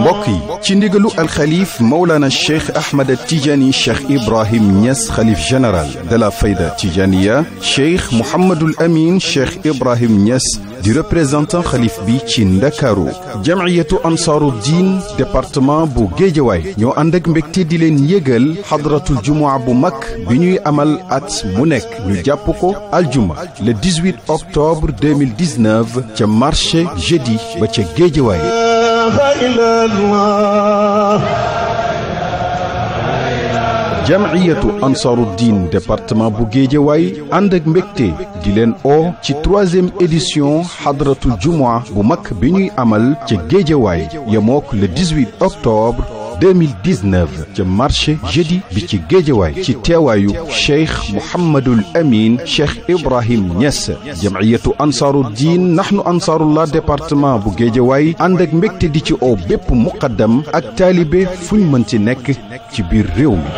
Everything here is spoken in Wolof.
mbokk yi ci ndigalu alxalif Mawlana Cheikh Ahmad Tijani Cheikh Ibrahim Niass xalif général de la Fayda Tijaniya Cheikh Mouhamadul Amin Cheikh Ibrahim Niass di représentant xalif bi ci Ndakaaru jamciyatu ansaaru diin departement bu Géejawaay ñoo ànd ak mbégte di leen yëgal xadratul jumaa bu mag bi ñuy amal at mu nekk ñu jàpp ko aljuma le 18 octobre 2019 ca marché jeudi ba ca Géejawaay إله إلا الله jamiyatu département bu géejawaay ànd ak mbégte di leen oo ci troisième édition xadratu juma bu mag bi ñuy amal ca géejawaay yemook le 18 octobre 2019 ca marché jeudi bi ci géejawaay ci teewaayu cheikh Mouhamadul Amin cheikh Ibrahim Niass jamciyatu ansaaru diin naxnu ansaarullah département bu géejawaay ànd ak mbégte di ci oo bépp muqaddam ak taalibe fuñ mën ci nekk ci biir réew mi